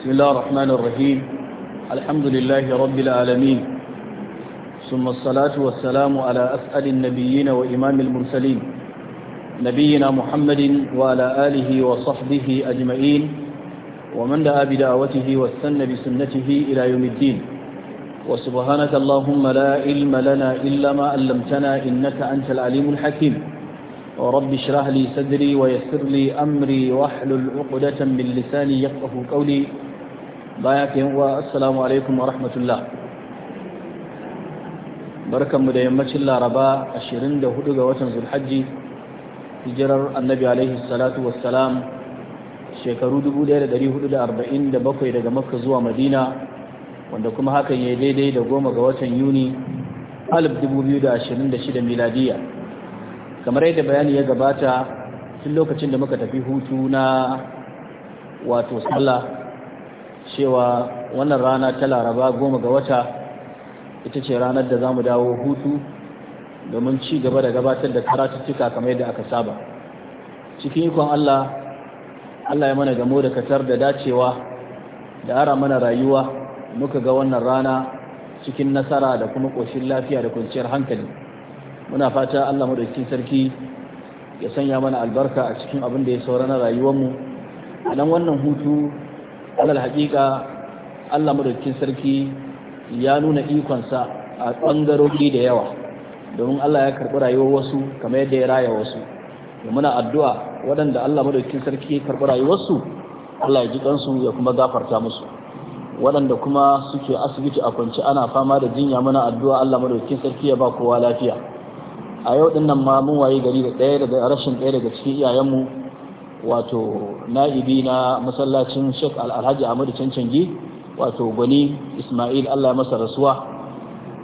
بسم الله الرحمن الرحيم الحمد لله رب العالمين ثم الصلاة والسلام على أسأل النبيين وإمام المرسلين نبينا محمد وعلى آله وصحبه أجمعين ومن دعا بدعوته واستنى بسنته إلى يوم الدين وسبحانك اللهم لا علم لنا إلا ما علمتنا إنك أنت العليم الحكيم ورب اشرح لي صدري ويسر لي أمري واحلل عقدة من لساني يفقه قولي baya ka uwa assalamu alaikum wa rahmatullah barkanmu da yammacin laraba 24 ga watan zulhajji hijirar annabi alaihi salatu wassalam shekaru 1447 daga makka zuwa madina wanda kuma hakan ya daidai da goma ga watan yuni 2026 miladiya kamar yadda bayani ya gabata tun lokacin da muka tafi hutu na wato sallah cewa wannan rana ta laraba goma ga wata ita ce ranar da za mu dawo hutu domin ci gaba da gabatar da karatuttuka kamar yadda aka saba cikin ikon Allah Allah ya mana gamo da katar da dacewa da ara mana rayuwa muka ga wannan rana cikin nasara da kuma ƙoshin lafiya da kwanciyar hankali muna fata Allah madaukakin sarki ya sanya mana albarka a cikin abin da ya saura na rayuwarmu a nan wannan hutu alal haƙiƙa Allah madaukakin sarki ya nuna ikonsa a ɓangarori da yawa domin Allah ya karɓi rayuwar wasu kamar yadda ya raya wasu da muna addu'a waɗanda Allah madaukakin sarki ya karɓi rayuwarsu Allah ya ji kansu ya kuma gafarta musu waɗanda kuma suke asibiti a kwanci ana fama da jinya muna addu'a Allah madaukakin sarki ya ba kowa lafiya a yau din nan ma mun waye gari da ɗaya daga rashin ɗaya daga cikin iyayenmu wato na'ibi na masallacin Sheikh Alhaji Ahmadu cancanji wato Gwani Ismail Allah masa rasuwa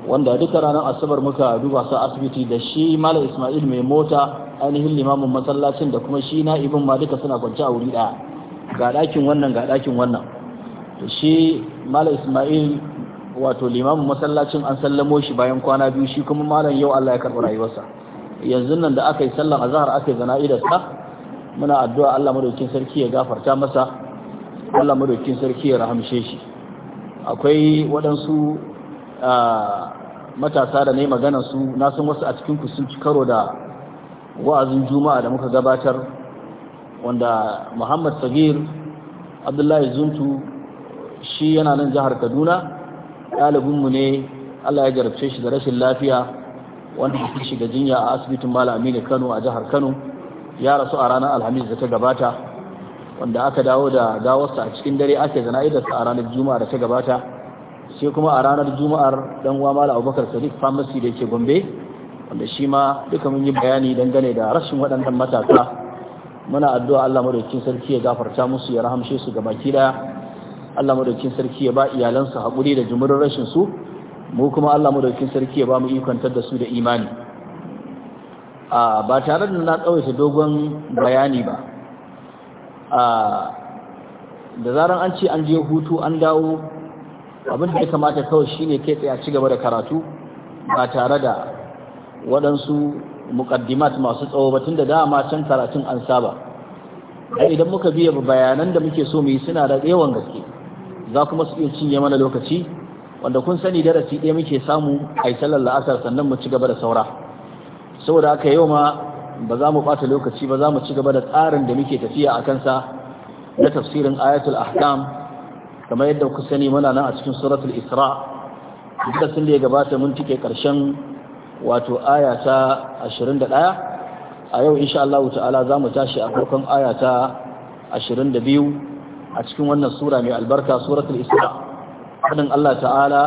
wanda duka ranar asabar muka duba sa asibiti da shi Malam Ismail mai mota ainihin limamin masallacin da kuma shi na'ibin ma duka suna kwance a wuri daya ga dakin wannan ga dakin wannan to shi Malam Ismail wato limamin masallacin an sallamo shi bayan kwana biyu shi kuma malam yau Allah ya karɓi rayuwarsa yanzu nan da aka yi sallan azhar aka yi zana'idarsa muna addu'a Allah madaukin sarki ya gafarta masa Allah madaukin sarki ya rahamshe shi akwai waɗansu matasa da ne maganar su na san wasu a cikin ku sun karo da wa'azin juma'a da muka gabatar wanda Muhammad Sabir, Abdullahi Zuntu shi yana nan jihar Kaduna ɗalibinmu ne Allah ya jarabce shi da rashin lafiya wanda ya shiga jinya a asibitin Malam Aminu Kano a jihar Kano ya rasu a ranar alhamis da ta gabata wanda aka dawo da gawarsa a cikin dare ake zana'idarsa a ranar juma'a da ta gabata sai kuma a ranar juma'ar dan uwa mala abubakar sadiq pharmacy da ke gombe wanda shi ma duka mun yi bayani gane da rashin waɗannan matasa muna addu'a Allah madaukakin sarki ya gafarta musu ya rahamshe su ga baki daya Allah madaukakin sarki ya ba iyalansu haƙuri da jumurin rashin su mu kuma Allah madaukakin sarki ya ba mu ikon da su da imani ba tare da na tsawaita dogon bayani ba da zaran an ce an je hutu an dawo abin da ya kamata kawai shine kai tsaye a ci gaba da karatu ba tare da waɗansu muƙaddimat masu tsawo ba tunda dama can karatun an saba ai idan muka biya bayanan da muke so mu yi suna da yawan gaske za kuma su iya cinye mana lokaci wanda kun sani darasi ɗaya muke samu a yi sallar la'asar sannan mu ci gaba da saura saboda haka yau ma ba za mu ɓata lokaci ba za mu ci gaba da tsarin da muke tafiya a kansa na tafsirin ayatul ahkam kamar yadda ku sani muna nan a cikin suratul isra duka sun da ya gabata mun tike karshen wato aya ta 21 a yau insha Allah ta'ala za mu tashi a farkon aya ta 22 a cikin wannan sura mai albarka suratul isra fadin Allah ta'ala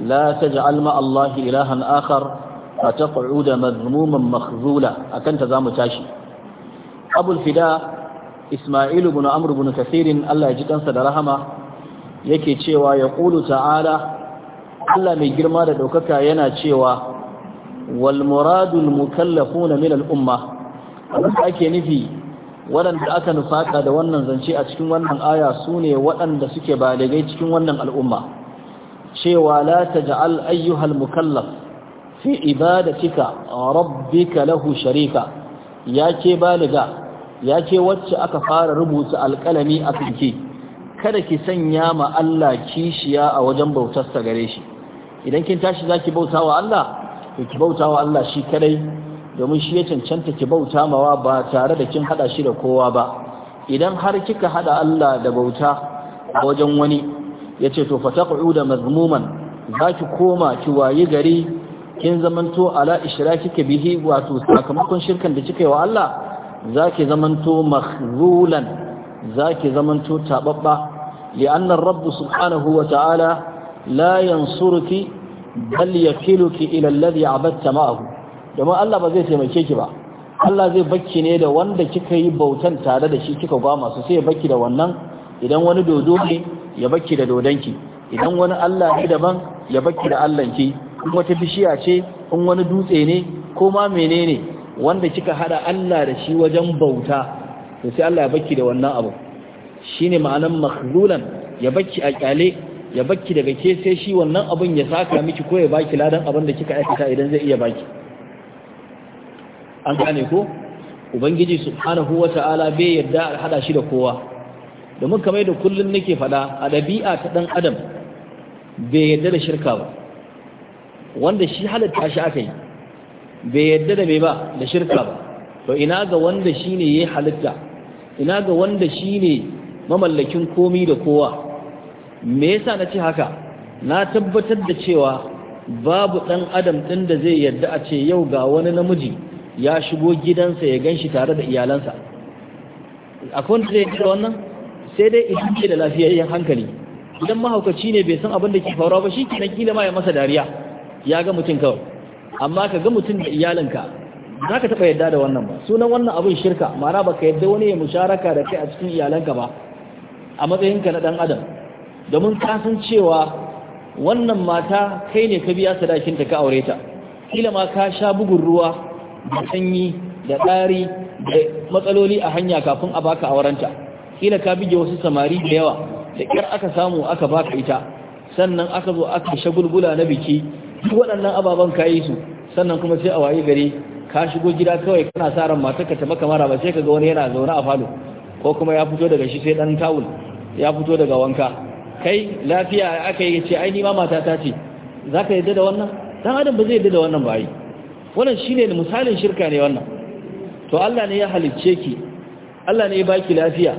la taj'al ma Allah ilahan akhar fa taq'uda madhmuman makhzula akan ta zamu tashi abul fida isma'il ibn amr ibn kathir Allah ya da rahama yake cewa ya qulu ta'ala Allah mai girma da ɗaukaka yana cewa wal muradul mukallafuna min al umma ake nufi waɗanda aka nufaka da wannan zance a cikin wannan aya sune waɗanda suke baligai cikin wannan al'umma cewa la ta ja'al ayyuhal mukallaf fi ibadatika rabbika lahu sharika ya ke baliga ya ke wacce aka fara rubuta alƙalami a kanki kada ki sanya ma Allah kishiya a wajen bautarsa gare shi idan kin tashi zaki bauta wa Allah ki bauta wa Allah shi kadai domin shi ya cancanta ki bauta mawa ba tare da kin hada shi da kowa ba idan har kika hada Allah da bauta a wajen wani yace to fataqu'u da mazmuman zaki koma ki wayi gari kin zamanto ala ishraki bihi wato sakamakon shirkan da kika yi wa Allah zaki zamanto makhzulan zaki zamanto tababba لأن الرب سبحانه وتعالى لا ينصرك بل يكلك إلى ma'ahu عبدت معه جماعة الله بزي تمكيك با Allah zai bakki ne da wanda kika yi bautan tare da shi kika gwama su sai bakki da wannan idan wani dodo ne ya bakki da dodonki idan wani Allah ne daban ya bakki da Allahnki wata bishiya ce in wani dutse ne ko ma menene wanda kika hada Allah da shi wajen bauta to sai Allah ya baki da wannan abu shine ma'anan makhzulan ya baki a kyale ya baki daga ke sai shi wannan abun ya saka miki ko ya baki ladan abin da kika aikata idan zai iya baki an gane ko ubangiji subhanahu wata'ala bai yadda hada shi da kowa domin kamar da kullun nake fada a dabi'a ta dan adam bai yarda da shirka ba wanda shi halatta shi aka yi bai yadda da mai ba da shirka ba to ina ga wanda shi ne ya halitta ina ga wanda shi ne mamallakin komi da kowa me yasa na ce haka na tabbatar da cewa babu ɗan adam ɗin da zai yadda a ce yau ga wani namiji ya shigo gidansa ya gan shi tare da iyalansa akwai wanda zai wannan sai dai idan ke da lafiyayyen hankali idan mahaukaci ne bai san abin da ke faruwa ba shi kenan kila ma ya masa dariya ya ga mutum kawai amma ka ga mutum da iyalinka za ka taɓa yadda da wannan ba sunan wannan abin shirka mara ba ka yadda wani ya musharaka da kai a cikin iyalanka ba a matsayinka na ɗan adam domin ka san cewa wannan mata kai ne ka biya sadakinta ka aure ta kila ma ka sha bugun ruwa da sanyi da ɗari da matsaloli a hanya kafin a baka aurenta kila ka bige wasu samari da yawa da kyar aka samu aka baka ita sannan aka zo aka shagulgula na biki duk waɗannan ababen ka yi su sannan kuma sai a waye gari ka shigo gida kawai kana sa ran matar ka ta maka mara ba sai ka ga wani yana zaune a falo ko kuma ya fito daga shi sai dan tawul ya fito daga wanka kai lafiya aka yi ce ai ni ma mata ta ce za ka yadda da wannan dan adam ba zai yadda da wannan ba yi wannan shine misalin shirka ne wannan to Allah ne ya halicce ki Allah ne ya baki lafiya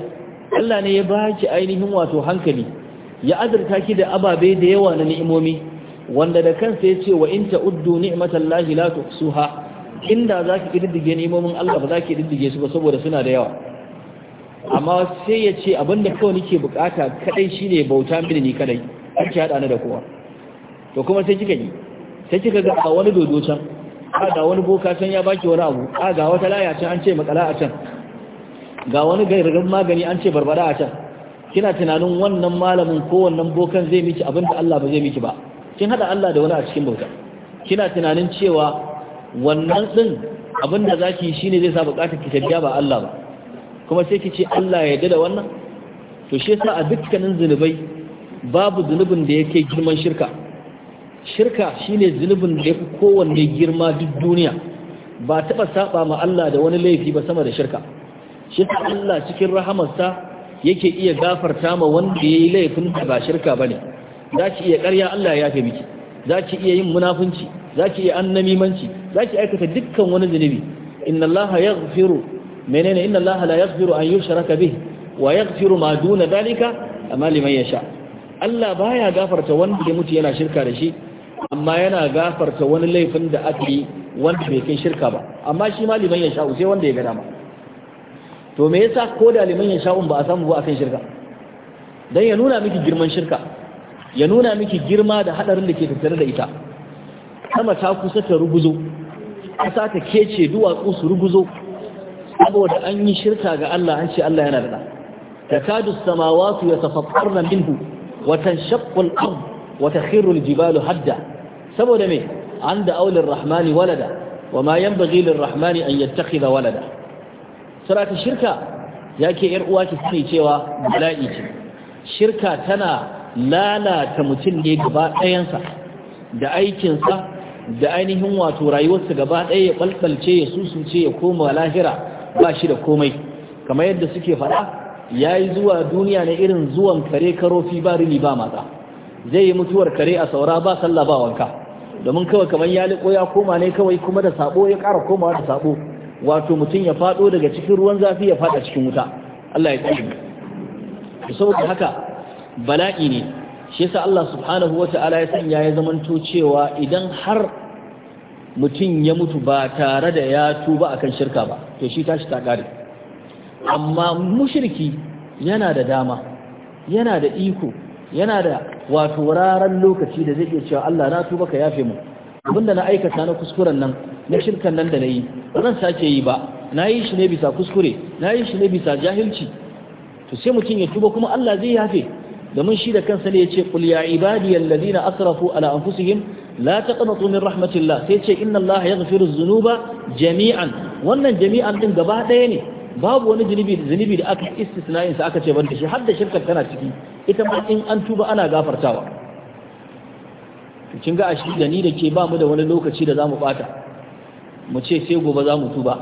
Allah ne ya baki ainihin wato hankali ya azurta ki da ababe da yawa na ni'imomi wanda da kansa ya ce wa in ta'uddu ni'matallahi la tuksuha inda za ki kididdige nemomin Allah ba za ki kididdige su ba saboda suna da yawa amma sai ya ce abinda kawai nake bukata kadai shine bauta mini ni kadai har ki hada ni da kowa to kuma sai kika yi sai kika ga a wani dodo can a ga wani boka can ya baki wani abu a ga wata laya can an ce makala a can ga wani gargarin magani an ce barbada a can kina tunanin wannan malamin ko wannan bokan zai miki abinda Allah ba zai miki ba kin hada Allah da wani a cikin bauta kina tunanin cewa wannan din abin da zaki shine zai sa bukatar ki tafiya ba Allah ba kuma sai ki ce Allah ya yarda da wannan to shi yasa a dukkanin zunubai babu zunubin da yake girman shirka shirka shine zunubin da yake kowanne girma duk duniya ba taba saba ma Allah da wani laifi ba sama da shirka shi yasa Allah cikin rahamarsa yake iya gafarta ma wanda yayi laifin da ba shirka bane za ki iya ƙarya Allah ya yafe miki za ki iya yin munafunci za ki iya annamimanci za ki aikata dukkan wani zunubi inna Allah yaghfiru menene inna Allah la yaghfiru an yushraka bih wa yaghfiru ma duna dalika amma liman sha. Allah ya gafarta wanda ya mutu yana shirka da shi amma yana gafarta wani laifin da aka yi wanda bai kai shirka ba amma shi ma liman yasha sai wanda ya ga dama to me yasa ko da liman yasha ba a samu ba akan shirka dan ya nuna miki girman shirka ya nuna miki girma da hadarin da ke tattare da ita sama ta kusa ta ruguzo ƙasa ta kece duwatsu su ruguzo saboda an yi shirka ga Allah an ce Allah yana da ta kadu samawatu ya tafattarna minhu wa tanshaqqu al-ard wa takhiru al-jibalu hadda saboda me an da aulin rahmani walada wa ma yanbaghi lir-rahmani an yattakhidha walada sarata shirka yake yar uwa ki sani cewa bala'i ce shirka tana lalata mutum ne gaba ɗayansa da aikinsa da ainihin wato rayuwarsa gaba ɗaya ya ɓalɓalce ya susuce ya koma lahira ba shi da komai kamar yadda suke faɗa ya yi zuwa duniya na irin zuwan kare karofi ba rini ba matsa zai yi mutuwar kare a saura ba sallah ba wanka domin kawai kamar ya liƙo ya koma ne kawai kuma da sabo ya ƙara komawa da sabo wato mutum ya faɗo daga cikin ruwan zafi ya faɗa cikin wuta Allah ya tsaye saboda haka bala'i ne shi yasa Allah subhanahu wata'ala ya sanya ya zamanto cewa idan har mutum ya mutu ba tare da ya tuba akan shirka ba to shi tashi ta kare amma mushriki yana da dama yana da iko yana da wato raran lokaci da zai iya cewa Allah na tuba ka yafe mu abinda na aikata na kuskuren nan na shirkan nan da na yi ba zan sake yi ba nayi yi shi ne bisa kuskure nayi yi shi ne bisa jahilci to sai mutum ya tuba kuma Allah zai yafe domin shi da kansa ne yace qul ya ibadiyal ladina asrafu ala anfusihim la taqnatu min rahmatullah, sai ce inna allaha yaghfiru dhunuba jami'an wannan jami'an din gaba ɗaya ne babu wani zunubi da aka istisna'in sa aka ce ban da shi har da shirkar tana ciki ita ma in an tuba ana gafartawa to kin ga ashi da ni da ke ba mu da wani lokaci da zamu bata mu ce sai gobe za mu tuba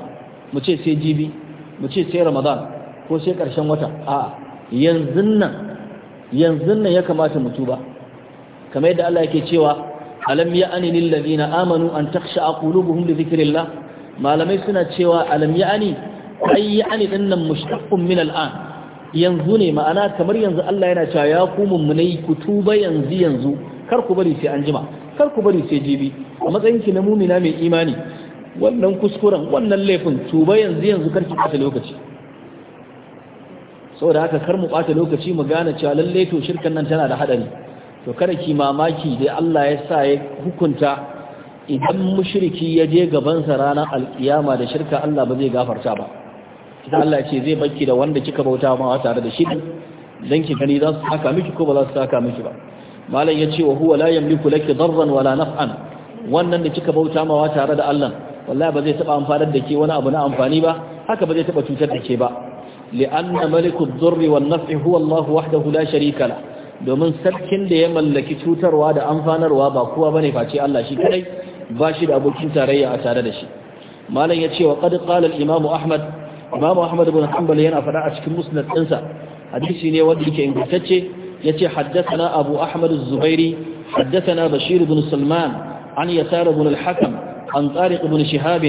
mu ce sai jibi mu ce sai ramadan ko sai karshen wata a'a yanzu nan yanzu nan ya kamata mu tuba kamar yadda Allah yake cewa alam ya'ani lil ladina amanu an takhsha qulubuhum li dhikrillah malamai suna cewa alam ya'ani ay ya'ani dinnan mushtaqqun min al'an yanzu ne ma'ana kamar yanzu Allah yana cewa ya mu mummunai ku tuba yanzu yanzu kar ku bari sai anjima, kar ku bari sai jibi a matsayin ki na mumina mai imani wannan kuskuren wannan laifin tuba yanzu yanzu kar ki ɓata lokaci saboda haka kar mu ɓata lokaci mu gane cewa lalle to shirkan nan tana da haɗari to kada ki mamaki dai Allah ya sa ya hukunta idan mushriki ya je gabansa ranar alkiyama da shirka Allah ba zai gafarta ba idan Allah ce zai bakki da wanda kika bauta ma tare da shi dan ki gani za su saka miki ko ba za su saka miki ba malam ya ce wa huwa la yamliku laki darran wala naf'an wannan da kika bauta ma tare da Allah wallahi ba zai taba amfanar da ke wani abu na amfani ba haka ba zai taba cutar da ke ba li'anna malikud durri wan naf'i huwallahu Allah wahdahu la sharika domin sarkin da ya mallaki cutarwa da amfanarwa ba kowa bane face Allah shi kadai ba shi da abokin tarayya a tare da shi malam ya ce wa qad qala al-imam Ahmad imam Ahmad ibn Hanbal yana fada a cikin musnad ɗinsa hadisi ne wanda yake ingantacce yace haddathana Abu Ahmad az-Zubairi haddathana Bashir ibn Salman an Yasar ibn al-Hakam an Tariq ibn Shihab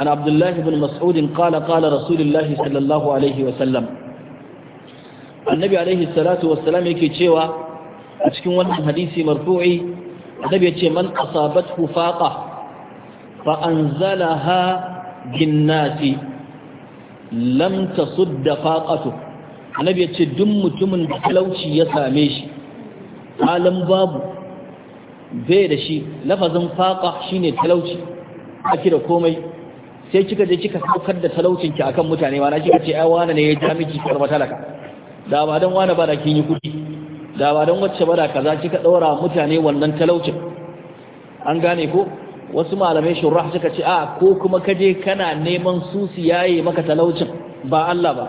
عن عبد الله بن مسعود قال قال رسول الله صلى الله عليه وسلم النبي عليه الصلاة والسلام يكي تشيوى أتكون وانا حديثي مرفوعي النبي يتشي من أصابته فاقة فأنزلها بالناس لم تصد فاقته النبي يتشي دم تمن بحلوشي يساميش عالم بابو bai da shi lafazin faƙa shine talauci a kira komai sai kika je kika saukar da talaucin ki akan mutane ma na kika ce ai wani ne ya ja miki karba talaka da ba dan wani ba da kin yi kudi da ba dan wacce ba da kaza kika daura mutane wannan talaucin an gane ko wasu malamai shurrah suka ce a ko kuma kaje kana neman su su yaye maka talaucin ba Allah ba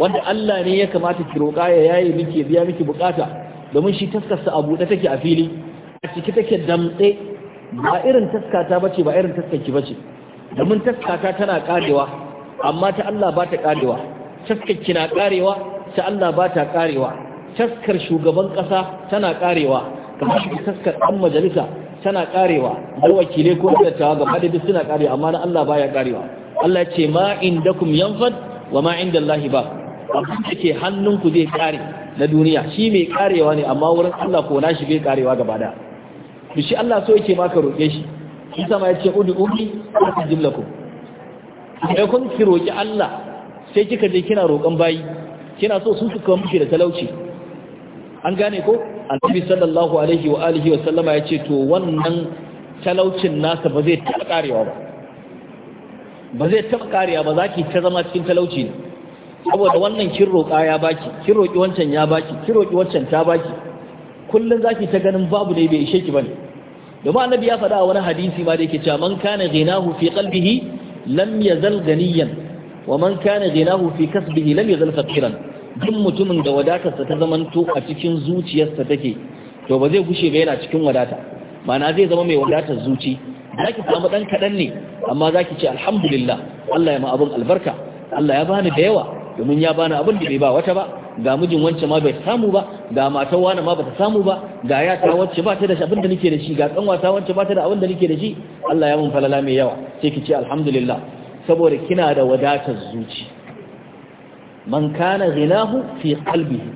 wanda Allah ne ya kamata ki roƙa ya yaye miki biya miki bukata domin shi taskarsa abu da take a fili a ciki take damtse ba irin taskata bace ba irin ki bace domin taskata tana karewa amma ta Allah ba ta karewa taskar kina karewa ta Allah ba ta karewa taskar shugaban ƙasa tana karewa kamar taskar ɗan majalisa tana karewa da wakilai ko dattawa gaba da duk suna karewa amma na Allah baya karewa Allah ce ma indakum yanfad wa ma indallahi ba abin da ke hannunku zai kare na duniya shi mai karewa ne amma wurin Allah ko nashi bai karewa gaba da shi Allah so yake maka roƙe shi shi sama ya ce udu ubi a jillakum sai kun ki roƙi Allah sai kika je kina roƙon bayi kina so su su kawo miki da talauci an gane ko annabi sallallahu alaihi wa alihi wa sallama ya ce to wannan talaucin nasa ba zai taɓa karewa ba ba zai taɓa karewa ba za ki ta zama cikin talauci ne saboda wannan kin roƙa ya baki kin roƙi wancan ya baki kin roƙi wancan ta baki kullun zaki ta ganin babu dai bai ishe ki bane domin annabi ya faɗa a wani hadisi ma da yake cewa man kana ghinahu fi qalbihi lam yazal ganiyan wa man kana ghinahu fi kasbihi lam yazal faqiran duk mutumin da wadatarsa ta zamanto a cikin zuciyarsa take to ba zai gushe ba yana cikin wadata ma'ana zai zama mai wadatar zuci zaki samu dan kadan ne amma zaki ce alhamdulillah Allah ya ma abun albarka Allah ya bani da yawa domin ya bani abin da bai ba wata ba ga mijin wance ma bai samu ba ga matar wani ma bata samu ba ga ya ta wance ba ta da abin da nake da shi ga kan wata wance ba ta da abin da nake da shi Allah ya mun falala mai yawa sai ki ce alhamdulillah saboda kina da wadatar zuci man kana ghinahu fi qalbihi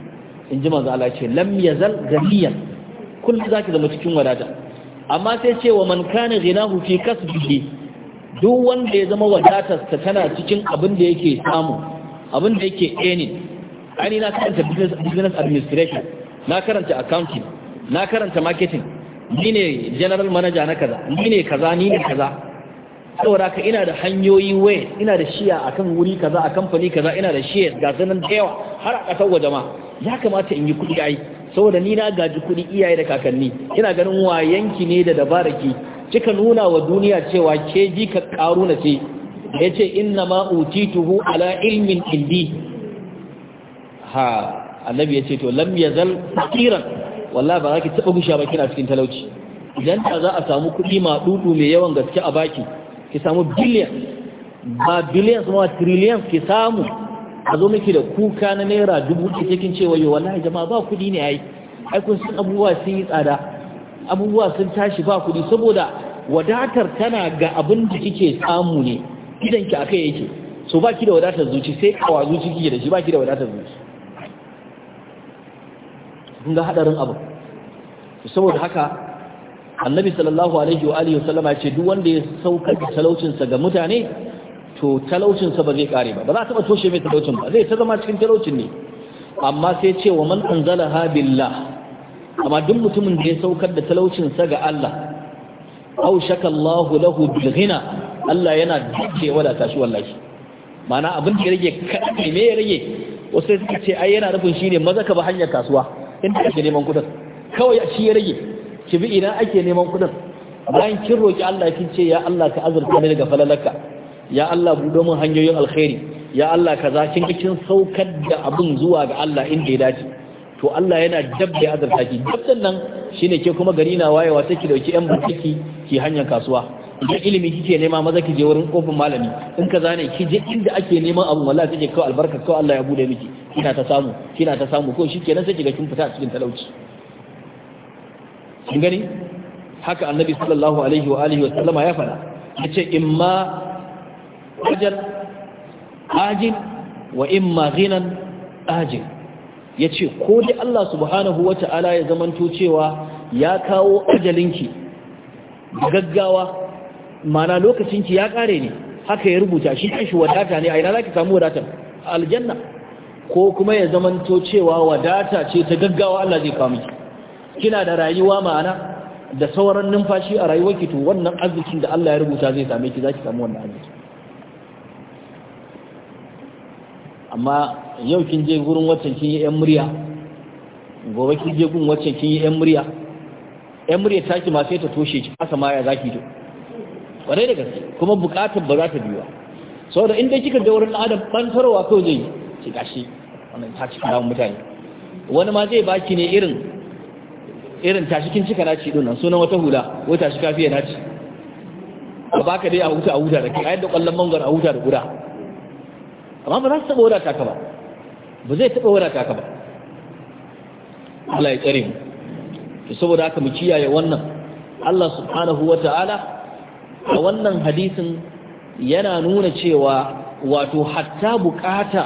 in ji manzo Allah ce lam yazal ghaliyan kullu zaki zama cikin wadata amma sai ce wa man kana ghinahu fi kasbihi duk wanda ya zama wadatar ta tana cikin abin da yake samu abin da yake earning ani na karanta business administration na karanta accounting na karanta marketing ni ne general manager na kaza ni ne kaza ni ne kaza saboda ka ina da hanyoyi waya. ina da shiya akan wuri kaza a kamfani kaza ina da shares ga sanan da yawa har a kasar waje ma ya kamata in yi kuɗi ai saboda ni na gaji kuɗi iyaye da kakanni ina ganin wayanki ne da dabaraki kika nuna wa duniya cewa ke ji ka ƙaru na ce ya ce inna ma utituhu ala ilmin indi ha annabi ya to lam yazal faqiran wallahi ba za ki taba gusha ba kina cikin talauci idan ta za a samu kuɗi ma dudu mai yawan gaske a baki ki samu billion ba billions ma trillion ki samu a zo miki da kuka na naira dubu ce cikin cewa yo wallahi jama'a ba kuɗi ne ai ai kun san abubuwa sun yi tsada abubuwa sun tashi ba kuɗi saboda wadatar tana ga abin da kike samu ne idan ki akai yake so baki da wadatar zuci sai kawa zuci kike da shi baki da wadatar zuci kun ga hadarin abu saboda haka annabi sallallahu alaihi wa alihi wasallama ya ce duk wanda ya saukar da talaucinsa ga mutane to talaucinsa ba zai kare ba ba za a taɓa toshe mai talaucin ba zai ta zama cikin talaucin ne amma sai ce wa man anzala ha billah amma duk mutumin da ya saukar da talaucinsa ga Allah aw shaka Allahu lahu bil ghina Allah yana dace da shi wallahi ma'ana abin da ya rage kaɗai ya rage wasu sai ce ai yana shi shine maza ka ba hanyar kasuwa inda ake neman kudin kawai shi ya rage ki bi idan ake neman kudin bayan kin roki Allah kin ce ya Allah ka azurta ni daga falalaka ya Allah buɗe min hanyoyin alkhairi ya Allah ka za kin kin saukar da abin zuwa ga Allah inda ya dace to Allah yana dab azurta ki dab nan shine ke kuma gari na wayewa take dauki yan bukiki ki hanyar kasuwa idan ilimi kike nema maza ki je wurin kofin malami in ka zane ki je inda ake neman abu wallahi kike kawai albarka kawai Allah ya bude miki kina ta samu kina ta samu ko shikenan sai kiga kin fita a cikin talauci kin gani haka annabi sallallahu alaihi wa alihi wa sallama ya fada yace imma ajal ajil wa imma ghinan ajil yace ko dai Allah subhanahu wa ta'ala ya zamanto cewa ya kawo ajalinki gaggawa mana lokacin ki ya kare ne haka ya rubuta shi shi wadata ne a ina zaki samu wadata aljanna ko kuma ya to cewa wadata ce ta gaggawa Allah zai kawo miki kina da rayuwa ma'ana da sauran numfashi a rayuwarki to wannan arzikin da Allah ya rubuta zai same ki zaki samu wannan arziki amma yau kin je gurin waccan kin yi ɗan murya gobe kin je gurin waccan kin yi ɗan murya ɗan murya taki ma sai ta toshe ki asa ma ya zaki to kwarai da gaske kuma bukatar ba za ta biyu sau da inda kika ga wurin adam bantarwa ko zai ci gashi wannan ta cika damun mutane wani ma zai baki ne irin irin tashikin cika naci don nan sunan wata hula ko tashi kafiya naci a baka dai a huta a huta da ke a yadda kwallon mangar a huta da guda amma ba za su taɓa wadata ka ba ba zai taɓa wadata ka ba Allah ya tsare mu saboda haka mu kiyaye wannan Allah subhanahu wa ta'ala a wannan hadisin yana nuna cewa wato hatta bukata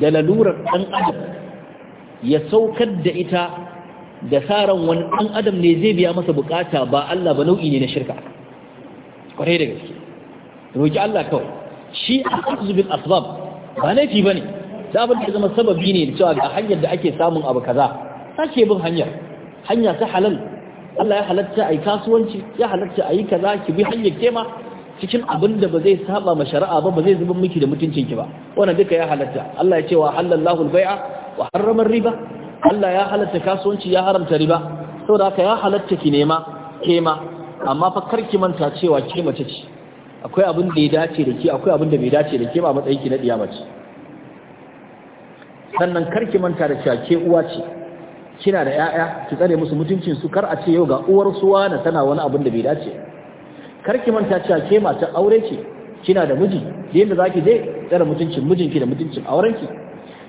da lalurar ɗan adam ya saukar da ita da tsaron wani ɗan adam ne zai biya masa bukata ba Allah ba nau'i ne na shirka kwarai da gaske roƙi Allah kawai shi a azubin asbab ba laifi ba ne sabon da zama sababi ne da cewa ga hanyar da ake samun abu kaza sake bin hanyar hanya ta halal Allah ya halatta a yi kasuwanci ya halatta a yi ka za ki bi hanyar kema cikin abin da ba zai saba ma shari'a ba ba zai zuba miki da mutuncin ki ba wannan duka ya halatta Allah ya ce wa halallahu al-bai'a wa harrama riba Allah ya halatta kasuwanci ya haramta riba saboda haka ya halatta ki nema kema amma fa kar ki manta cewa ke mace ce akwai abin da ya dace da ke akwai abin da bai dace da ke ba matsayin ki na diyama mace sannan kar ki manta da cewa ke uwa ce kina da ƴaƴa ki tsare musu mutuncin su kar a ce yau ga uwar suwa na tana wani abin da bai dace kar ki manta cewa ke mata aure ce kina da miji yadda zaki je tsare mutuncin mijinki da mutuncin aurenki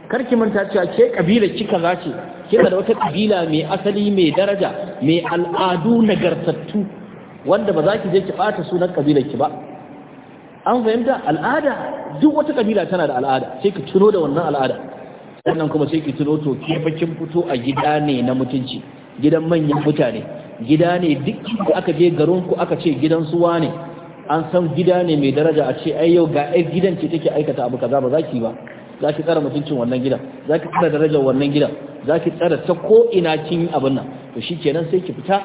kar ki manta cewa ke kabila kika zace kina da wata kabila mai asali mai daraja mai al'adu nagartattu wanda ba za ki je ki bata sunan kabilar ki ba an fahimta al'ada duk wata kabila tana da al'ada sai ki tuno da wannan al'ada Wannan kuma sai ki tuno to ke fakin fito a gida ne na mutunci gidan manyan mutane gida ne duk da aka je garin ku aka ce gidan suwa ne an san gida ne mai daraja a ce ai yau ga ai gidan ce take aikata abu kaza ba za ki ba za ki tsara mutuncin wannan gida za ki tsara darajar wannan gidan za ki tsara ta ko ina kin abin nan to shikenan sai ki fita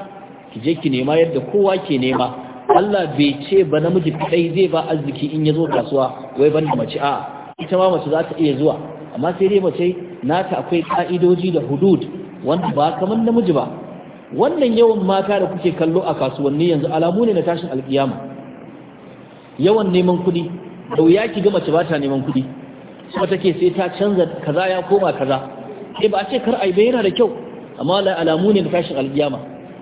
ki je ki nema yadda kowa ke nema Allah bai ce ba namiji kadai zai ba arziki in ya zo kasuwa wai ban da mace a'a ita ma mace za ta iya zuwa amma sai dai mace nata akwai ka'idoji da hudud wanda ba kamar namiji ba wannan yawan mata da kuke kallo a kasuwanni yanzu alamu ne na tashin alkiyama yawan neman kuɗi da wuya ki ga mace ba ta neman kuɗi kuma take sai ta canza kaza ya koma kaza sai eh, ba a ce kar ai yana da kyau amma la alamu ne na tashin alkiyama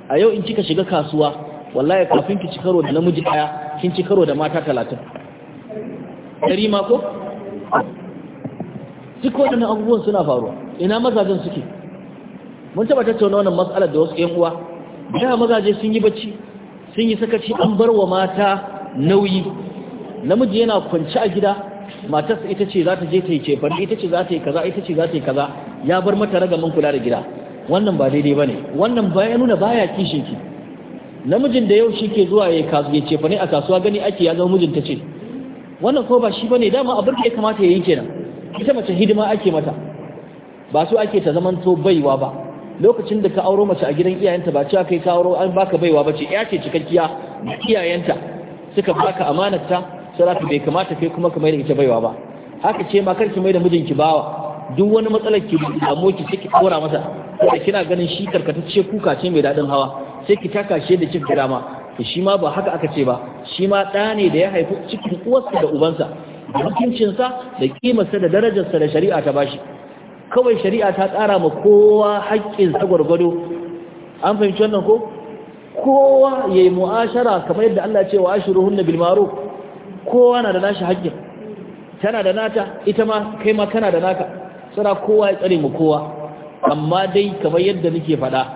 a yau in kika shiga kasuwa wallahi kafin ki ci karo da namiji daya kin ci karo da mata talatin dari ma ko duk waɗannan abubuwan suna faruwa ina mazajen suke mun taɓa tattauna wannan matsalar da wasu 'yan uwa da mazaje sun yi bacci sun yi sakaci an bar wa mata nauyi namiji yana kwanci a gida matarsa ita ce za ta je ta yi cefar ita ce za ta yi kaza ita ce za ta yi kaza ya bar mata mun kula da gida wannan ba daidai bane wannan ba ya nuna baya kishin ki namijin da yau shi ke zuwa ya kasu ya cefa ne a kasuwa gani ake ya zama mijin ta ce wannan ko ba shi bane dama abin da ya kamata ya yi kenan ita mace hidima ake mata ba su ake ta zamanto baiwa ba lokacin da ka auro mace a gidan iyayenta ba cewa kai ka auro an baka baiwa ba ce ya ce cikakkiya da iyayenta suka baka amanarta sai ka bai kamata kai kuma ka mai da ita baiwa ba haka ce ma ki mai da mijinki bawa duk wani matsalar ki damu ki sai ki kora masa da kina ganin shi karkatacce kuka ce mai dadin hawa sai ki taka shi da cikin girama shi ma ba haka aka ce ba shi ma ɗane da ya haifi cikin uwarsa da ubansa da hukuncinsa da kimarsa da darajarsa da shari'a ta bashi kawai shari'a ta tsara ma kowa haƙƙinsa gwargwado an fahimci wannan ko kowa ya yi mu'ashara kamar yadda Allah ce wa ashiru hunna bil ma'ruf kowa na da nashi haƙƙin tana da nata ita ma kai ma kana da naka sana kowa ya tsare mu kowa amma dai kamar yadda nake faɗa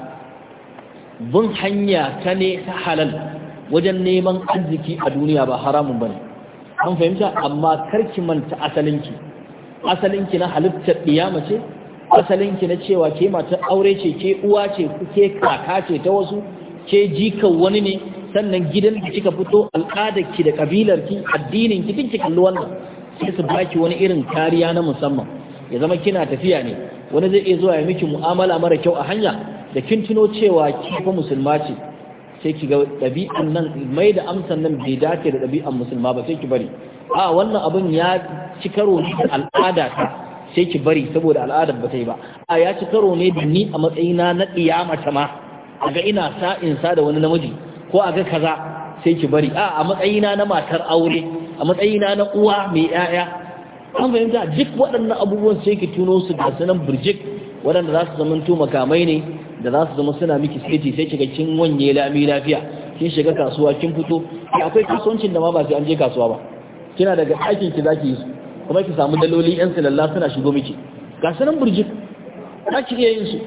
bin hanya ta ne ta halal wajen neman arziki a duniya ba haramun bane an fahimta amma karki manta asalinki asalinki na halittar ɗiyama ce asalinki na cewa ke matar aure ce ke uwa ce ke kaka ce ta wasu ke jikan wani ne sannan gidan da kika fito al'adarki da kabilarki addinin ki kinki kalli wannan sai su baki wani irin kariya na musamman ya zama kina tafiya ne wani zai iya zuwa ya miki mu'amala mara kyau a hanya da kin tuno cewa ki fa musulma ce sai ki ga ɗabi'an nan mai da amsan nan bai dace da ɗabi'an musulma ba sai ki bari a wannan abin ya ci karo ne da al'ada ta sai ki bari saboda al'adar ba ta yi ba a ya ci karo ne da ni a matsayina na ƙiyamata ma a ga ina sa'in sa da wani namiji ko a ga kaza sai ki bari a a matsayina na matar aure a matsayina na uwa mai 'ya'ya an fahimta duk waɗannan abubuwan sai ki tuno su ga sanan birjik waɗanda za su zamanto makamai ne da za su zama suna miki seti sai shiga kin wanye lami lafiya kin shiga kasuwa kin fito eh, akwai kasuwancin da ma ba sai an je kasuwa ba kina daga aikin ki zaki yi kuma ki samu daloli yan silalla suna shigo miki ga sanan burjik za ki iya yin su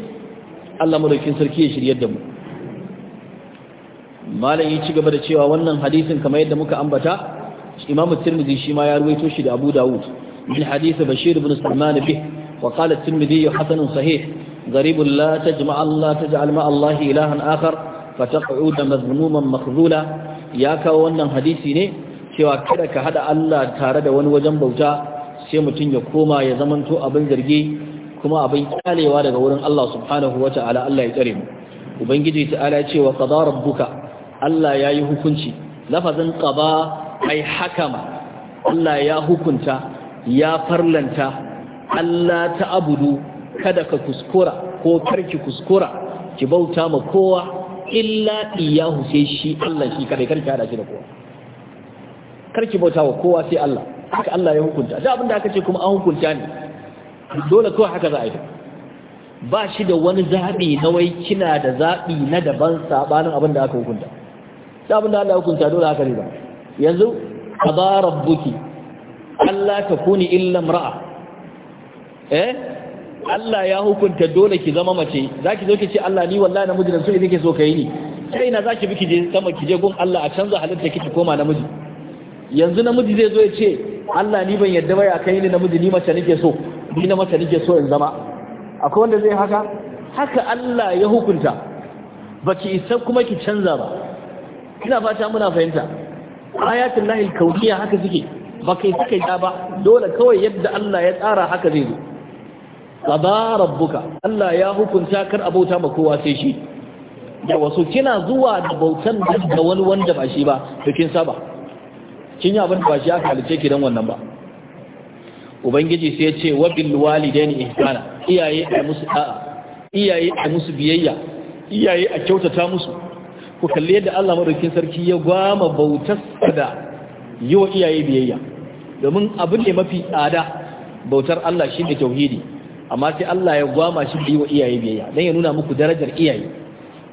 Allah madaukin sarki ya shiryar da mu malam ya ci gaba da cewa wannan hadisin kamar yadda muka ambata imamu tirmidhi shi ma ya ruwaito shi da abu dawud min hadisi bashir ibn sulman bih wa qala tirmidhi hasanun sahih غريب لا تجمع الله تجعل مع الله إلها آخر فتقعود مذموما مخذولا يا كوانا حديثي ne cewa kada ka haɗa Allah tare da wani wajen bauta sai mutum ya koma ya zamanto abin zargi kuma abin kyalewa daga wurin Allah subhanahu wataala Allah ya tsare mu ubangiji ta'ala ya ce wa qada rabbuka Allah yayi hukunci lafazin qada ai hakama Allah ya hukunta ya farlanta Allah ta abudu kada ka kuskura ko karki kuskura ki bauta ma kowa illa iyahu sai shi Allah shi kada karki hada shi da kowa karki bauta wa kowa sai Allah haka Allah ya hukunta da abinda aka ce kuma an hukunta ne dole kawai haka za a yi ba shi da wani zaɓi na wai kina da zaɓi na daban saɓanin abin da aka hukunta da abin da Allah hukunta dole haka ne ba yanzu qada rabbuki ta kuni illa imra'a eh Allah ya hukunta dole ki zama mace za ki zo ki ce Allah ni wallahi namiji nan so nake so kai ni sai na zaki bi ki je sama ki je gun Allah a canza halitta kiki koma namiji yanzu namiji zai zo ya ce Allah ni ban yadda ba ya kai ni namiji ni mace nake so ni na mace nake so in zama akwai wanda zai haka haka Allah ya hukunta baki isa kuma ki canza ba Kina fata muna fahimta ayatul lahi kauniya haka suke baka yi kai ba dole kawai yadda Allah ya tsara haka zai zo qada rabbuka Allah ya hukunta kar abauta ma kowa sai shi da wasu kina zuwa da bautan da wani wanda ba shi ba to kin saba kin yi abin da ba shi aka halice ki dan wannan ba ubangiji sai ya ce wa bil walidaini ihsana iyaye a musu da'a iyaye a musu biyayya iyaye a kyautata musu ku kalli yadda Allah madaukakin sarki ya gwama bautar da yi iyaye biyayya domin abin ne mafi tsada bautar Allah shine tauhidi amma sai Allah ya gwama shi biyu wa iyaye biyayya dan ya nuna muku darajar iyaye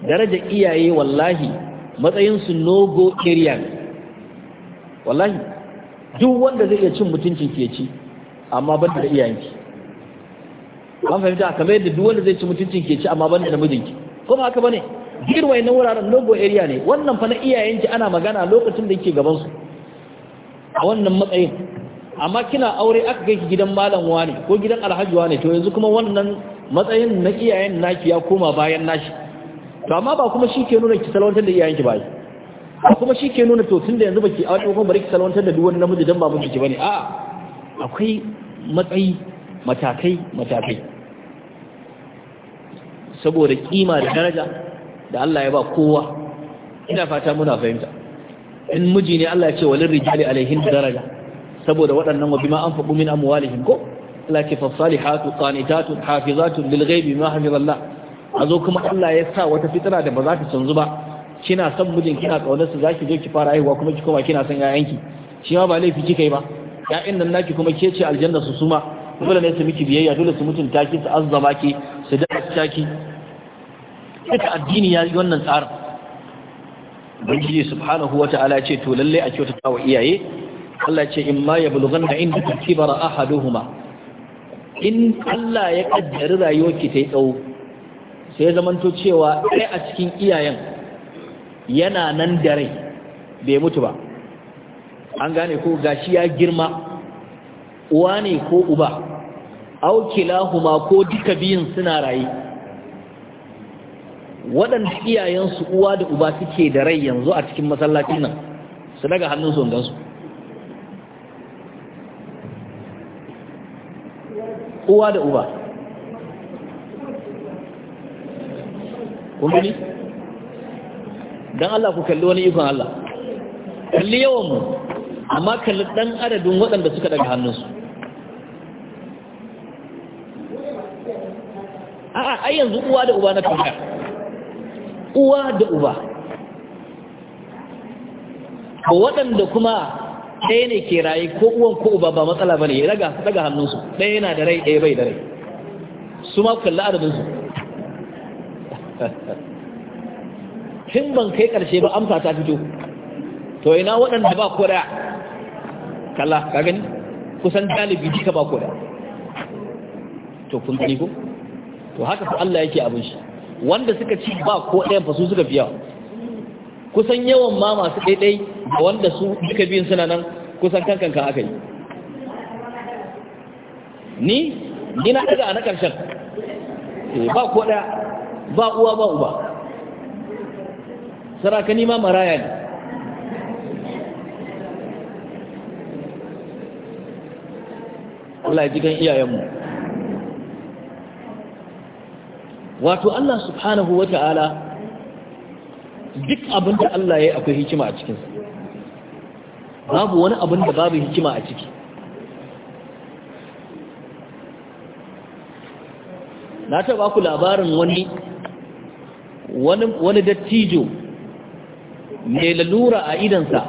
darajar iyaye wallahi matsayin su no go area wallahi duk wanda zai iya cin mutuncin ke ci amma ban da iyayenki ban fahimta kamar yadda duk wanda zai ci mutuncin ke ci amma ban da mijinki kuma haka bane girwa na wuraren no go area ne wannan fa na iyayenki ana magana lokacin da yake gaban su a wannan matsayin amma kina aure aka kai gidan malam wani ko gidan alhaji wani to yanzu kuma wannan matsayin na iyayen naki ya koma bayan nashi to amma ba kuma shi ke nuna ki salawantar da iyayenki ba ba kuma shi ke nuna to tun da yanzu baki aure kuma bari ki salawantar da duk wani namiji dan ba miki ki bane a'a akwai matsayi matakai matakai saboda kima da daraja da Allah ya ba kowa ina fata muna fahimta in miji ne Allah ya ce walin rijali alaihin daraja saboda waɗannan ma an anfaqu min amwalihim ko Allah ke fasalihatu qanitatun hafizatun lil ghaibi ma hafizallah azo kuma Allah ya sa wata fitra da ba za ta canzu ba kina son mijin kina kaunar su zaki je ki fara haihuwa kuma ki koma kina son yayanki shi ma ba laifi kika ba ya'yan nan naki kuma ke ce aljanna su suma dole ne su miki biyayya dole su mutunta ki su azzama ki su da'asta ki duka addini ya yi wannan tsarin ubangiji subhanahu wata'ala ya ce to lallai a kyautata wa iyaye Allah ce in ma ya bulughan da inda kibara ahaduhuma in Allah ya kaddari ki ta yi tsawo sai zamanto cewa ɗaya a cikin iyayen yana nan da rai bai mutu ba an gane ko gashi ya girma uwa ne ko uba aukilahuma ko duka biyun suna raye waɗanda iyayensu uwa da uba suke da rai yanzu a cikin masallacin nan su daga hannun su gansu uwa da uba kun gani don Allah ku kalli wani ikon Allah kalli yawanmu amma kalli ɗan adadin waɗanda suka daga hannunsu a'a ai yanzu uwa da uba na kanka uwa da uba waɗanda kuma ɗaya ne ke raye ko uwan ko uba ba matsala bane ya daga daga hannunsu ɗaya yana da rai ɗaya bai da rai su ma kalli adadinsu tun ban kai ƙarshe ba amsa ta fito to ina waɗanda ba ko da kalla ka gani kusan dalibi duka ba ko da to kun gani ko to haka fa Allah yake abin shi wanda suka ci ba ko ɗayan fa su suka biya. kusan yawan ma masu ɗaiɗai da wanda su duka biyun suna nan kusan kankanka aka yi ni ni na a na ƙarshen eh, ba ko ba uwa ba uba saraka ni ma maraya ne Allah ya ji kan iyayenmu wato Allah subhanahu wa ta'ala duk abin da Allah ya akwai hikima a cikinsa babu wani abin da babu hikima a ciki na taɓa ku labarin wani wani dattijo mai lalura a idansa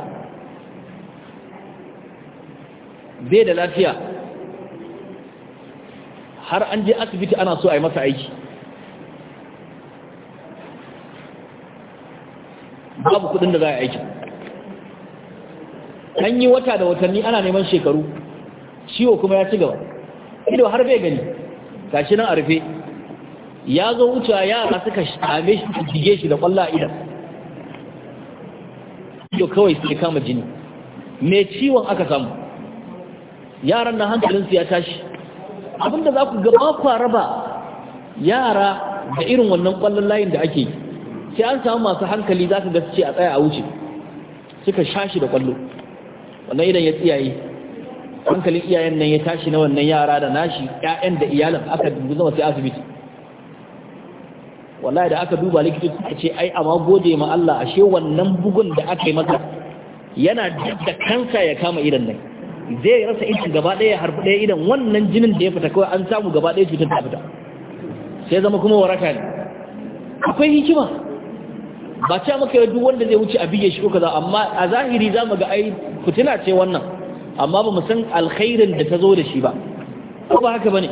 bai da lafiya har an je asibiti ana so a yi masa aiki babu kudin da za a aiki an yi wata da watanni ana neman shekaru ciwo kuma ya ci gaba ido har bai gani gashi nan a rufe ya zo wuce yara suka shame shi jige shi da kwallo a idan ido kawai sai kama jini me ciwon aka samu yaran na hankalinsu ya tashi abinda za ku ga ba raba yara da irin wannan kwallon layin da ake yi sai an samu masu hankali za ka ce a tsaya a wuce suka shashi da kwallo wannan idan ya tsiyaye hankalin iyayen nan ya tashi na wannan yara da nashi 'ya'yan da iyalan aka dubu zama sai asibiti wallahi da aka duba likita suka ce ai amma gode ma Allah ashe wannan bugun da aka yi maka yana da kansa ya kama idan nan zai rasa idan gaba ɗaya harfi ɗaya idan wannan jinin da ya fita kawai an samu gaba ɗaya cutar ta fita sai zama kuma waraka ne akwai hikima ba ta maka duk wanda zai wuce a bige shi ko kaza amma a zahiri za mu ga ai fitina ce wannan amma ba mu san alkhairin da ta zo da shi ba ko ba haka bane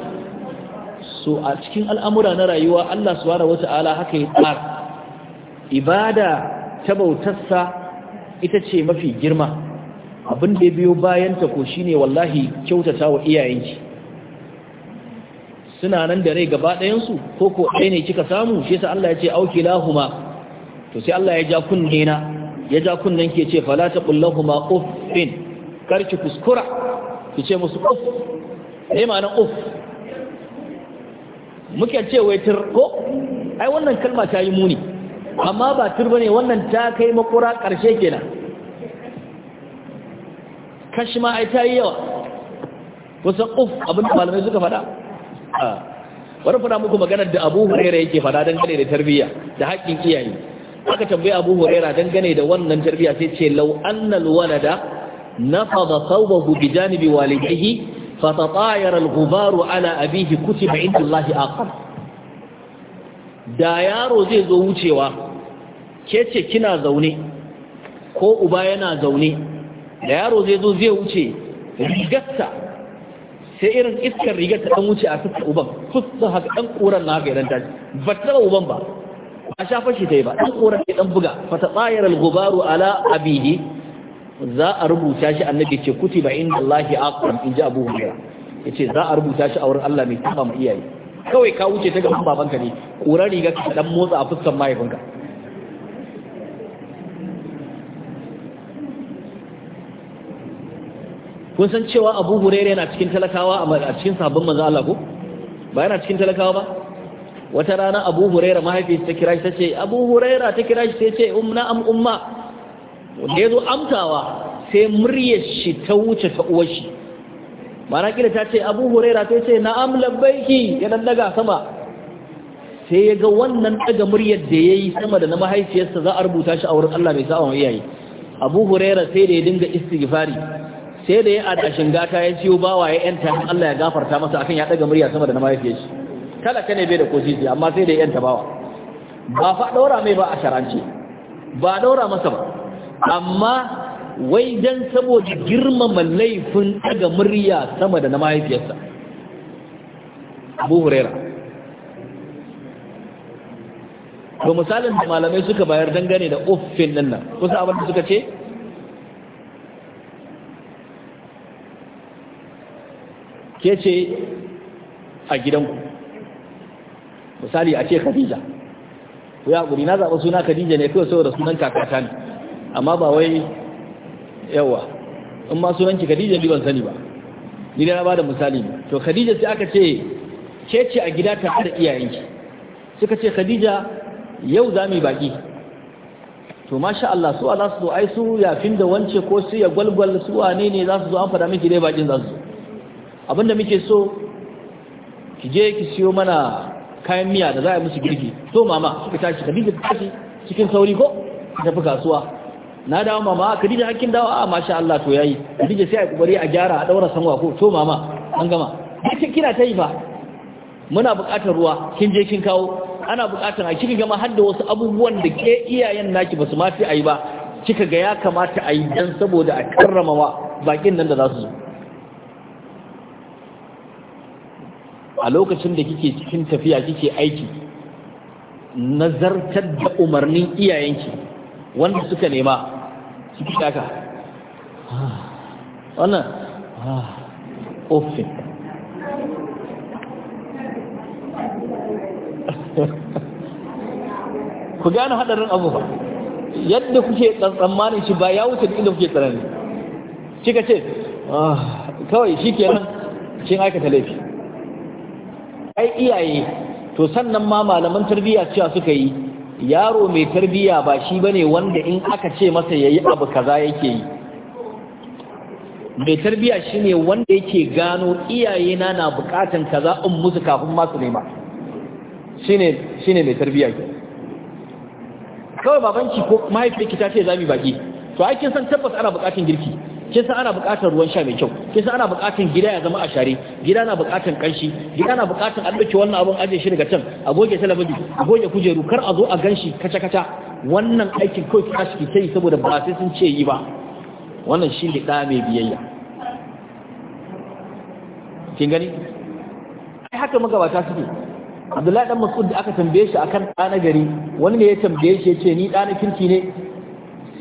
so a cikin al'amura na rayuwa Allah subhanahu wata'ala haka ya tsara ibada ta bautarsa ita ce mafi girma abin da ya biyo bayan ta ko shine wallahi kyautata wa iyayenki suna nan da rai gaba ɗayansu ko ko ɗaya ne kika samu shi yasa Allah ya ce auki lahuma to sai Allah ya ja kunne na ya ja kunnen ke ce fala ta ma uffin kar ki kuskura ki ce musu uff eh ma'anar uff muke ce wai tur ko ai wannan kalma ta yi muni amma ba tur bane wannan ta kai makura karshe kenan kashi ma ai ta yi yawa kusan uff abin da malamai suka faɗa wani ah, fada muku maganar da abu hurera yake faɗa gane da tarbiyya da haƙƙin iyaye aka tambaye abu huraira dangane da wannan tarbiya sai ce law annal walada nafadha thawbahu bi janibi walidihi fatatayara al-ghubaru ala abihi kutiba inda Allah aqam da yaro zai zo wucewa ke ce kina zaune ko uba yana zaune da yaro zai zo zai wuce rigarsa sai irin iskar rigar ta dan wuce a fuskar uban fuskar haka dan koran na ga idan ta ba ta uban ba a shafa shi ta yi ba ɗan ƙoran ya ɗan buga fata tsayar al-gubaru ala abihi za a rubuta shi annabi ce kuti ba inda Allah ya aqram in ji Abu Hurairah ce, za a rubuta shi a wurin Allah mai taba mu iyaye kawai ka wuce ta gaban babanka ne ƙoran riga ka ɗan motsa a fuskar mahaifinka kun san cewa Abu Hurairah yana cikin talakawa a cikin sabon manzo Allah ko ba yana cikin talakawa ba wata rana abu huraira mahaifi ta kira shi ta ce abu huraira ta kira shi ta ce umna am umma wanda ya zo amtawa sai muryar shi ta wuce ta uwar shi mana kila ta ce abu huraira ta ce na'am labbaiki ya dan daga sama sai ya ga wannan daga muryar da ya yi sama da na mahaifiyarsa za a rubuta shi a wurin Allah mai sa'awan iyaye abu huraira sai da ya dinga istighfari sai da ya adashin gata ya ciwo bawa ya yanta Allah ya gafarta masa akan ya daga murya sama da na mahaifiyarsa talaka ne bai da ko amma sai da yan tabawa ba fa daura mai ba a sharance ba daura masa ba amma wai dan saboda girmama laifin daga murya sama da na mahaifiyarsa Abu Huraira ko misalin da malamai suka bayar dangane da uffin nan nan kusa abin da suka ce ke ce a gidanku misali a ce khadija ku ya guri na zaɓa suna khadija ne kawai saboda sunan kakata ne amma ba wai yawa in ma sunanki khadija ne ban sani ba ni da na bada misali ne to khadija sai aka ce ke ce a gida ta da iyayenki suka ce khadija yau za mu baki to masha Allah su za su zo ai su ya fin da wance ko su ya gwalgwal su wane ne za su zo an fada miki dai bakin za su abinda muke so ki je ki siyo mana kayan miya da za a musu girki to mama suka tashi Khadija ta tashi cikin sauri ko ta tafi kasuwa na dawo mama ah, Khadija hakkin dawo a ah, masha Allah to yayi Kadija sai a kokari a gyara a daura sanwa ko to mama an gama kin kina ta yi ba. muna buƙatar ruwa kin je kin kawo ana buƙatar a kika gama har da wasu abubuwan da ke iyayen naki basu ma fi yi ba kika ga ya kamata a yi dan saboda a karramawa bakin nan da za su zo a lokacin da kike cikin tafiya kike aiki nazartar da umarnin iyayenki wanda suka nema su fi ah, wannan ah, ofin ku gane haɗarin abubuwa yadda kuke tsammanin shi ba ya wuce inda kuke tsanani kika ce ah, kawai shi kenan kin aikata laifi ai iyaye to sannan ma malaman tarbiyya cewa suka yi yaro mai tarbiyya ba shi bane wanda in aka ce masa yayi abu kaza yake yi mai tarbiyya shine wanda yake gano iyaye na na bukatun kaza in musu kafin ma su nema shine shine mai tarbiyya ke kawai babanki ko mahaifinki ta ce zami baki to ai kin san tabbas ana bukatun girki kin san ana buƙatar ruwan sha mai kyau kin san ana buƙatar gida ya zama a share gida na buƙatar kanshi gida na buƙatar a dauke wannan abun aje shi daga can a goge talabijin a goge kujeru kar a zo a ganshi kaca kaca wannan aikin kawai ki aski ta yi saboda ba sai sun ce yi ba wannan shi ne ɗa mai biyayya kin gani ai haka magabata suke abdullahi dan masud da aka tambaye shi akan ɗa na gari wani ne ya tambaye shi ya ce ni ɗa na kirki ne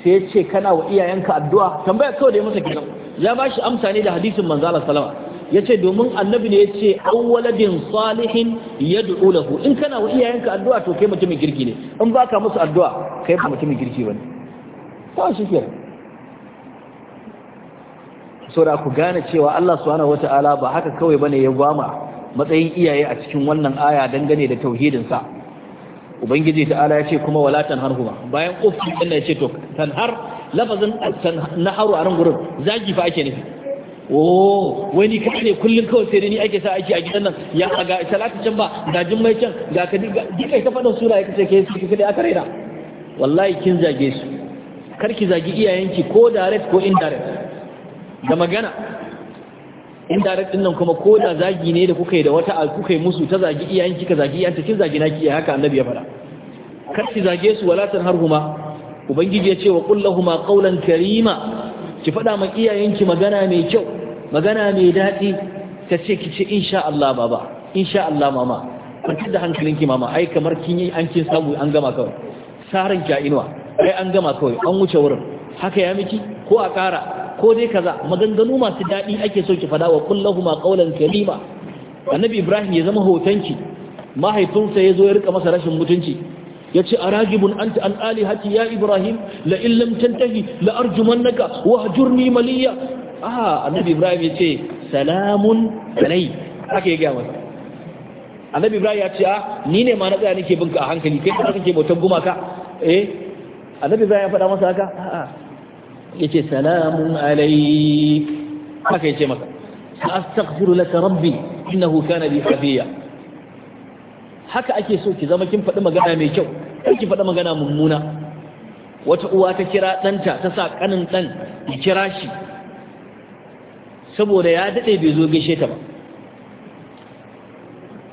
sai ya ce kana wa iyayenka addu'a tambaya kawai da ya masa kenan ya ba shi amsa ne da hadisin manzo Allah salama ya ce domin annabi ne ya ce awwaladin salihin yad'u lahu in kana wa iyayenka addu'a to kai mutumin girki ne in baka musu addu'a kai ba mutumin girki bane to shi kenan ku gane cewa Allah subhanahu wataala ba haka kawai bane ya gwama matsayin iyaye a cikin wannan aya dangane da tauhidin sa ubangiji ta ala ya ce kuma wala tan tanharhu bayan ufin din ya ce to har lafazin naharu a nan gurin zagi fa ake nufi oh wai ni ne kullun kawai sai ni ake sa aiki a gidan nan ya ga salatu can ba ga jummai can ga ka duka ta fada sura ya kace ke su aka raina wallahi kin zage su kar ki zagi iyayenki ko direct ko indirect da magana indirect din nan kuma ko da zagi ne da kuka yi da wata kuka yi musu ta zagi iyayen kika zagi iyayen kin zagi naki haka annabi ya faɗa kar ki zage su wala harhuma? ubangiji ya ce wa kullahuma qawlan karima ki faɗa ma iyayenki magana mai kyau magana mai dadi? ta ce ki ce insha Allah baba insha Allah mama kwantar da hankalinki mama ai kamar kin yi an kin samu an gama kawai saran ki a ai an gama kawai an wuce wurin haka ya miki ko a kara ko dai kaza maganganu masu daɗi ake so ki fada wa kullahuma qawlan karima annabi ibrahim ya zama hotanki mahaifinsa ya zo ya rika masa rashin mutunci ya ce a ragibin an ta al'ali hati ya ibrahim la illam tantahi la arjumannaka wa hajurni maliya Ah, annabi ibrahim ya ce salamun alai haka ya gaya masa annabi ibrahim ya ce a ah, ni ne ma na tsaya nake binka a hankali kai ka kake bautan gumaka eh annabi ibrahim ya faɗa masa haka a'a yace salamun alayk haka yace masa astaghfiru laka rabbi innahu kana bi hafiya haka ake so ki zama kin faɗi magana mai kyau ki faɗi magana mummuna wata uwa ta kira ɗanta ta sa ƙanin ɗan ya kira shi saboda ya daɗe bai zo gaishe ta ba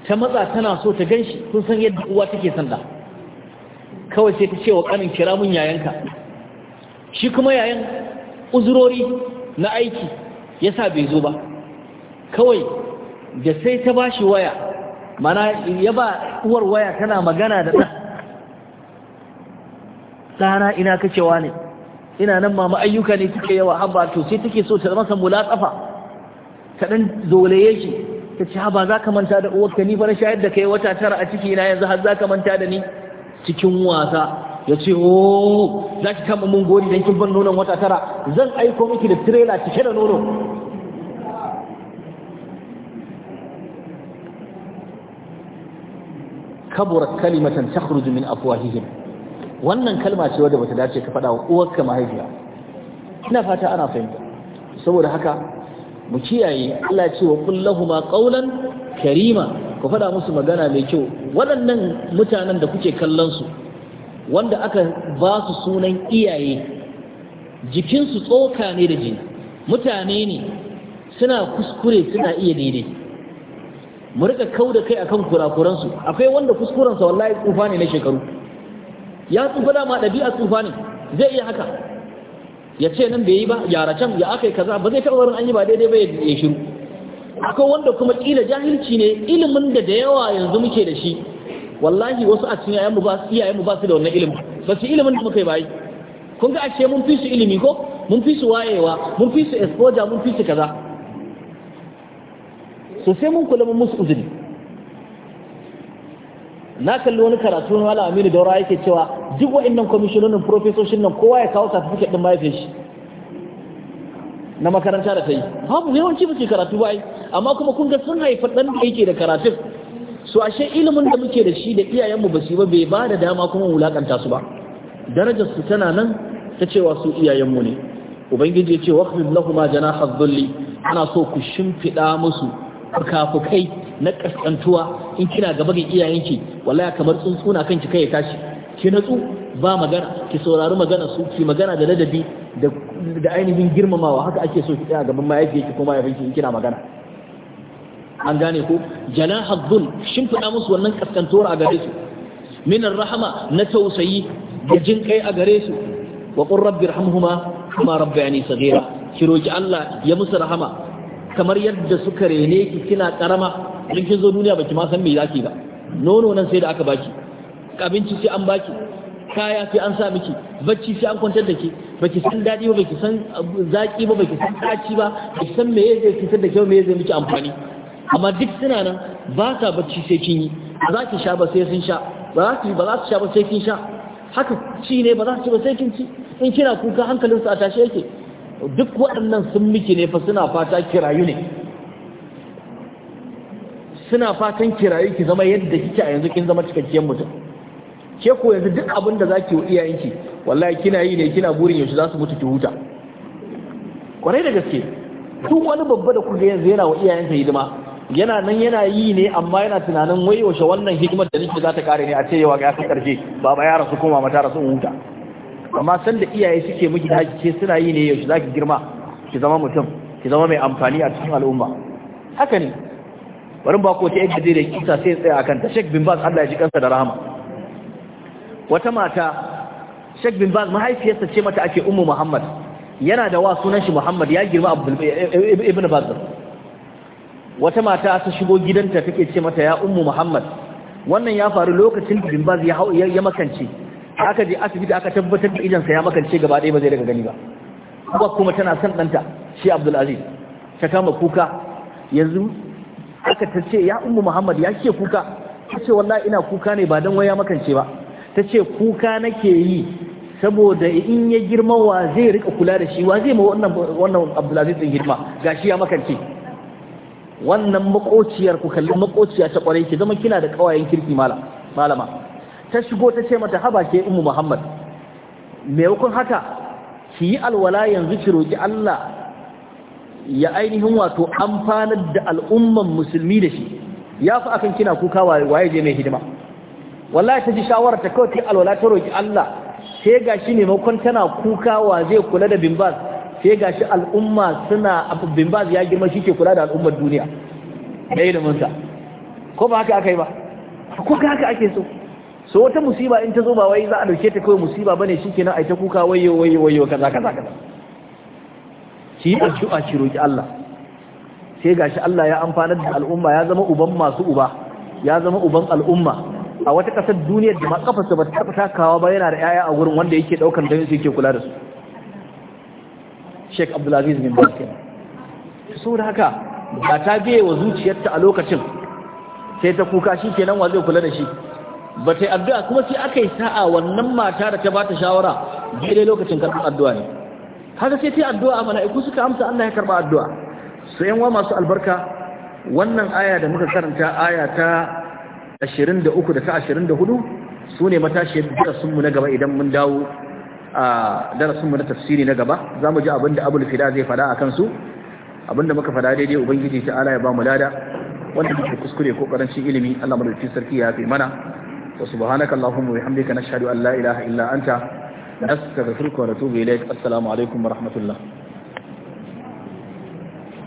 ta matsa tana so ta gan shi kun san yadda uwa take sanda kawai sai ta ce wa ƙanin kira mun yayanka shi kuma yayin uzurori na aiki ya sa bai zo ba kawai da sai ta ba shi waya mana ya ba uwar waya tana magana da ɗan tsara ina kacewa ne ina nan mama ayyuka ne kike yawa haba to sai take so ta masa mulatsafa ta ɗan zolaye shi ta ce haba za ka manta da uwarka ni fa na shayar da kai wata tara a ciki na yanzu har za ka manta da ni cikin wasa ya ce o oh, za ki kama mun gori don kin ban nonon wata tara zan aiko miki da tirela cike da nono kabura kalimatan takhruju min afwahihim wannan kalma ce wadda bata dace ka faɗa wa uwarka mahaifiya ina fata ana fahimta saboda haka mu kiyaye Allah ce wa kullahu ma qawlan karima ku faɗa musu magana mai kyau waɗannan mutanen da kuke kallon su wanda aka ba su sunan iyaye jikinsu tsoka ne da jini mutane ne suna kuskure suna iya daidai mu rika kau da kai akan kurakuransu akwai wanda kuskurensa wallahi tsufa ne na shekaru ya tsufa dama ɗabi'a tsufa ne zai iya haka ya ce nan bai yi ba yara can ya aka kaza ba zai taɓa barin an yi ba daidai ba ya shiru akwai wanda kuma ƙila jahilci ne ilimin da da yawa yanzu muke da shi wallahi wasu a cikin yayan mu ba iyayen ba su da wannan ilimin ba su ilimin da muka yi bai kun ga ashe mun fi su ilimi ko mun fi su wayewa mun fi su exposure mun fi su kaza so sai mun kula mun musu uzuri na kalli wani karatu na malam Aminu Daura yake cewa duk wa'annan commissionerin professorship nan kowa ya kawo certificate din mahaifiyar shi na makaranta da ta yi babu yawanci ba karatu ba amma kuma kun ga sun haifar dan da yake da karatun su ashe ilimin da muke da shi da iyayenmu ba su ba bai ba da dama kuma wulakanta su ba darajar su tana nan ta cewa su iyayenmu ne ubangiji ya ce waqfid lahum janaha dhulli ana so ku shimfiɗa musu fukafukai na kaskantuwa in kina gaba ga iyayenki wallahi kamar tsuntsuna kanki kai ya tashi ki natsu ba magana ki saurari magana su ki magana da ladabi da ainihin girmamawa haka ake so ki tsaya gaban mahaifiyarki ko mahaifinki in kina magana an gane ko janaha shin shimfida musu wannan kaskantuwar a gare su min rahama na tausayi da jin kai a gare su wa qur rabbi irhamhuma kama rabbayani saghira Allah ya musu rahama kamar yadda suka rene ki kina karama in kin zo duniya baki ma san me zaki ba nono nan sai da aka baki abinci sai an baki kaya sai an sa miki bacci sai an kwantar da ke baki san daɗi ba baki san eh, zaki ba baki san ɗaci ba baki san me zai fitar da kyau me zai miki amfani amma duk suna nan ba sa bacci sai kin yi ba za ki sha ba sai sun sha ba za ki ba za su sha ba sai kin sha haka ci ne ba za su ci ba sai kin ci in kina kuka hankalin su a tashe yake duk waɗannan sun miki ne fa suna fata kirayu ne suna fatan kirayu ki zama yadda kike a yanzu kin zama cikakkiyar mutum ke ko yanzu duk abin da ki wa iyayenki wallahi kina yi ne kina burin yaushe za su mutu ki huta kwarai da gaske duk wani babba da kuka yanzu yana wa iyayenka hidima yana nan yana yi ne amma yana tunanin wai yaushe wannan hikimar da nake za ta kare ne a ce yawa ga ya karshe baba ya rasu koma mata rasu huta amma san da iyaye suke miki da ce suna yi ne yaushe zaki girma ki zama mutum ki zama mai amfani a cikin al'umma haka ne bari ba ko ta yadda zai da kisa sai tsaya akan ta Sheikh bin Baz Allah ya ji kansa da rahama wata mata Sheikh bin Baz mahaifiyarsa ce mata ake Ummu Muhammad yana da wa sunan shi Muhammad ya girma Abdul eh, eh, Ibn Baz wata mata ta shigo gidanta take ce mata ya ummu muhammad wannan ya faru lokacin da bin baz ya makance aka je asibiti aka tabbatar da idansa ya makance gaba ɗaya ba zai daga gani ba kuma kuma tana son ɗanta shi abdul aziz ta kama kuka yanzu aka ta ce ya ummu muhammad ya ke kuka ta ce wallahi ina kuka ne ba dan ya makance ba ta ce kuka nake yi saboda in ya girma wa zai rika kula da shi wa zai ma wannan wannan abdul aziz din girma gashi ya makance wannan makociyar ku kalli makociya ta kwarai ki zama kina da kawayen kirki malama ta shigo ta ce mata haba ke ummu muhammad maimakon haka ki yi alwala yanzu ki roki Allah ya ainihin wato amfanar da al'umman musulmi da shi ya fi akan kina kuka waye je mai hidima wallahi ta ji shawarar ta kawai ta alwala ta roki Allah sai ga shi maimakon tana kuka wa zai kula da bimbas sai ga shi al'umma suna bin baz ya girma shi ke kula da al'ummar duniya Mai da iliminsa ko ba haka aka yi ba ko ka haka ake so so wata musiba in ta zo ba wai za a dauke ta kawai musiba bane kenan ai ta kuka wayo wayo wayo kaza kaza kaza ki yi addu'a ki roki Allah sai ga shi Allah ya amfanar da al'umma ya zama uban masu uba ya zama uban al'umma a wata kasar duniyar da ma su ba ta takawa ba yana da yaya a gurin wanda yake daukar dan yake kula da su Sheikh Abdulaziz bin Baz saboda haka ba ta biye wa zuciyarta a lokacin sai ta kuka shi kenan wa zai kula da shi ba ta addu'a kuma sai aka yi sa'a wannan mata da ta ba ta shawara daidai lokacin karɓar addu'a ne haka sai ta yi addu'a mala'iku suka amsa Allah ya karɓa addu'a sai yan masu albarka wannan aya da muka karanta aya ta 23 da ta 24 su ne da sunmu na gaba idan mun dawo a darasinmu na tafsiri na gaba za mu ji abinda abul fida zai fada a kansu abinda muka fada daidai ubangiji ta ala ya ba mu lada wanda muke kuskure ko karancin ilimi Allah madaukakin sarki ya fi mana wa subhanaka allahumma wa bihamdika nashhadu an la ilaha illa anta nastaghfiruka wa natubu ilaik assalamu alaikum wa rahmatullah